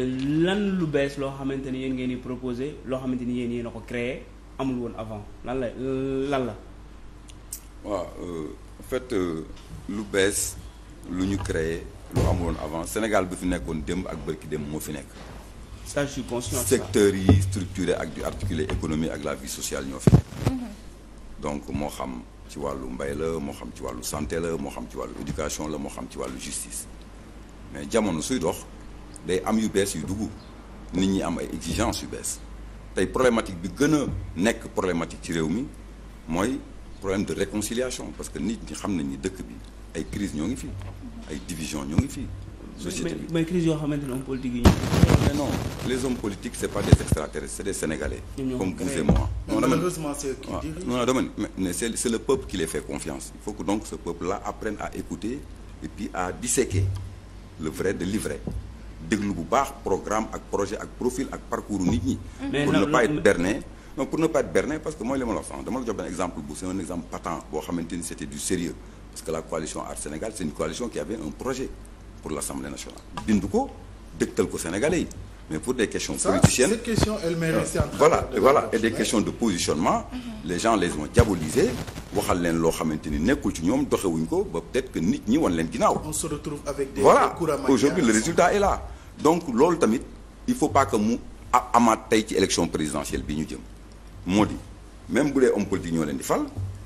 lan lu bees loo xamante ni yéen ngeen di proposé loo xamante ni yéen yéen a ko créé amul woon avant lan la lan la. waaw euh, en fait euh, lu bees lu ñu créer lu amul woon avant Sénégal bu fi nekkoon démb ak bërki démb moo fi nekk. ça je suis secteur yi structuré ak di articuler économie ak la vie sociale ñoo fi mm-hmm. donc moo xam ci wàllu mbay la moo xam ci wàllu santé la moo xam ci wàllu éducation la moo xam ci wàllu justice mais jamono suy dox. day am yu bees yu dugg nit ñi am ay exigence yu bees tey problématique bi gën a nekk problématique ci réew mi mooy problème de réconciliation parce que nit ñi xam nañ ni dëkk bi ay crise ñoo ngi fi ay division ñoo ngi fi. société bi mais crise yoo xamante ne hommes politiques yi mais non les hommes politiques c'est pas des extraterrestres c'est des sénégalais. comme vous et moi. non malheureusement c'est qui peuple qui les fait confiance. il faut que donc ce peuple là apprenne à écouter et puis à disséquer le vrai de l'ivraie. déglu bu baax programme ak projet ak profil ak parcours nit ñi. Mm-hmm. pour ne pas être berné. pour ne pas être berné parce que mooy li ma la wax dama la exemple bu c'est un exemple patent boo xamante c'était du sérieux parce que la coalition Aar Sénégal c'est une coalition qui avait un projet pour l'Assemblée nationale. bind ko dëgtal ko Sénégalais yi. mais pour des questions politiciennes euh, voilà et des questions de positionnement mm-hmm. les gens les ont diabolisés donc loolu tamit il faut pas que mu amaat tey ci élection présidentielle bi ñu jëm moo di même bu dee homme politique ñoo leen di fal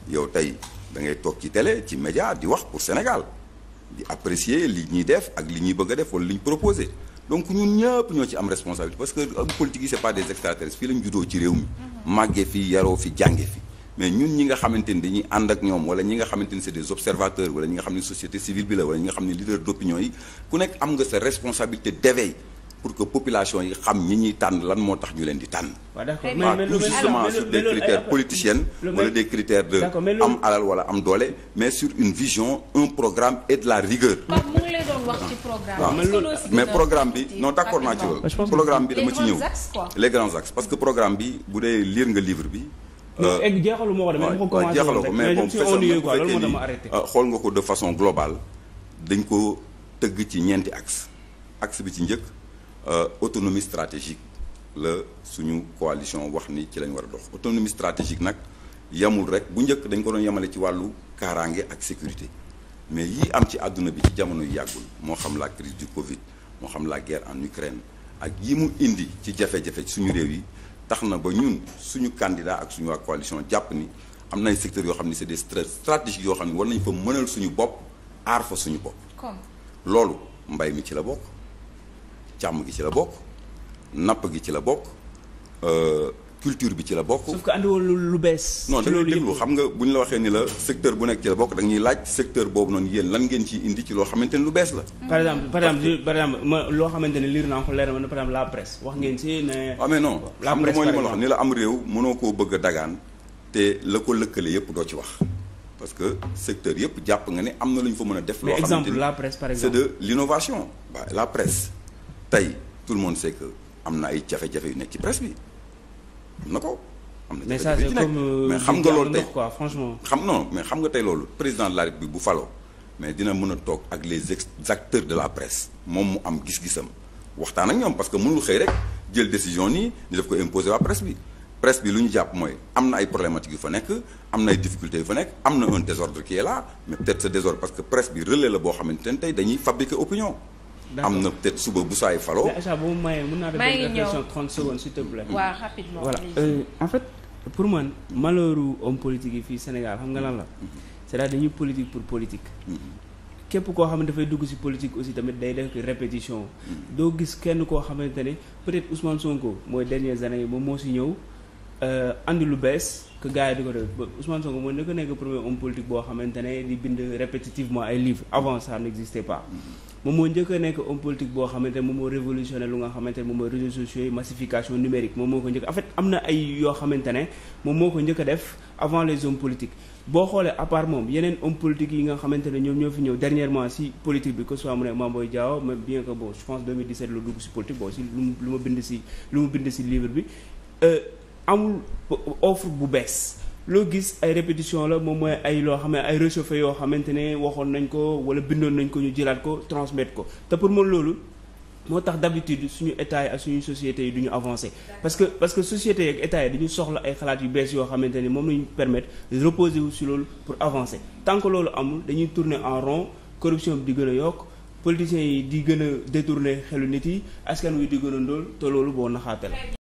yow tey da ngay toog ci télé ci média di wax pour Sénégal di apprécier li ñuy def ak li ñuy bëgg a def wala li ñu proposé donc ñun ñëpp ñoo ci am responsabilité parce que homme politique yi c'est pas des extraterrestres fii la ñu juddoo ci réew mi màggee fi yaroo fi jànge fi mais ñun ñi nga xamante ni dañuy ànd ak ñoom wala ñi nga xamante ni c'est des observateurs wala ñi nga xam ni société civile bi la wala ñi nga xam ne leader d'opinion yi ku nekk am nga sa responsabilité d'éveil pour que population yi xam ñi ñuy tànn lan moo tax ñu leen di tànn. waaw d'accord mais tout justement sur des critères politiciens wala des critères de am alal wala am doole mais sur une vision un programme et de la rigueur. Pape mu ngi lay programme. mais programme bi non d'accord naa ci bi dama ci ñëw les grands axes. que programme bi bu dee lire nga livre bi. non euh, egg jeexalu moo ko demee dama ko commencé jeexalu ko mais bon fekkee ni euh, xool nga ko de façon globale dañ ko tëgg ci ñeenti axe axe bi ci njëkk euh, autonomie stratégique la suñu coalition wax ni ci lañ war a dox autonomie stratégique nag yamul rek bu njëkk dañ ko doon yamale ci wàllu kaaraange ak sécurité mais yi am ci àdduna bi ci jamono yu yàggul moo xam la crise du Covid moo xam la guerre en Ukraine ak yi mu indi ci jafe-jafe suñu réew yi tax na ba ñun suñu candidat ak suñu waa coalition jàpp ni am na ay secteurs yoo xam ni c'est des stratégies yoo xam ni war nañ fa mënal suñu bopp aar fa suñu bopp. comme loolu mbay mi ci la bokk càmm gi ci la bokk napp gi ci la bokk. Euh, culture bi ci la bokk. sauf que andiwul lu bees. non dañuy déglu xam nga bu ñu la waxee ni la secteur bu nekk bokk da ñuy laaj secteur boobu noonu yéen lan ngeen ciy indi ci loo xamante ne lu bees la. par exemple par exemple par exemple ma loo xamante ne liir naa ko leer na par exemple la presse wax ngeen si ne. waaw ah, mais non xam nga mooy am te la lëkkale yëpp doo ci wax. parce que secteur yëpp jàpp nga ne am na lu ñu fa mën a def. loo xamante la presse de l'innovation. la presse tey tout le monde sait am na ay jafe-jafe yu nekk ci presse bi am na ko. am na jafe-jafe euh, xam nga loolu tey quoi xam non mais xam nga tey loolu président de la République bu faloo mais dina mën a toog ak les acteurs de la presse moom mu am gis-gisam waxtaan ak ñoom parce que mënul xëy rek jël décision nii ñu def ko imposer waa presse bi. presse bi lu ñu jàpp mooy am na ay problématiques yu fa nekk am na ay difficultés yu fa nekk am na un désordre qui est mais peut-être ce parce que presse bi relais la boo xamante ne tey dañuy fabriquer opinion. am na peut-être suba bu saay falo Aïcha boo mayee mën naa def une réflexion si secondes s'il te plaît. waaw euh, en fait pour man malheuru homme politique yi fii Sénégal xam nga lan la mm-hmm. cest à dañuy politique pour politique mm-hmm. képp koo xam ne dafay dugg ci politique aussi tamit day def répétition mm-hmm. doo gis kenn koo xamante ne peut-être Ousmane Sonko mooy dernières années yi moom moo ci ñëw euh, andi lu bees que gars di ko def Ousmane Sonko mooy nekk premier homme politique boo xamante ne di bind répétitivement ay livres avant ça n'existait pas mm moom moo njëkk a nekk homme politique boo xamante moom moo révolutionné lu nga xamante moom mooy réseaux sociaux yi massification numérique moom moo ko njëkk en fait am na ay yoo xamante ne moom moo ko njëkk a def avant les hommes politiques boo xoolee à part moom yeneen homme politique yi nga xamante ne ñoom ñoo fi ñëw dernièrement si politique bi que soit mu ne Mame Boye Diao mais bien que bon je pense 2017 dugg si politique bon si lu lu ma bind mu bind si livre bi euh, loo gis ay répétition la moom mooy ay loo xam ne ay réchauffé yoo xamante ne waxoon nañ ko wala bindoon nañ ko ñu jëlaat ko transmettre ko te pour man loolu moo tax d'habitude suñu état yi ak suñu société yi du ñu avancer parce que parce que société yeeg état yi dañu soxla ay xalaat yu bees yoo xamante ni moom lañu permettre reposer wu si loolu pour avancé tant que loolu amul dañuy tourner en rond corruption bi di gën a yokk politiciens yi di gën a détourner xelu nit yi askan wi di gën a ndóol te loolu boo naxaate la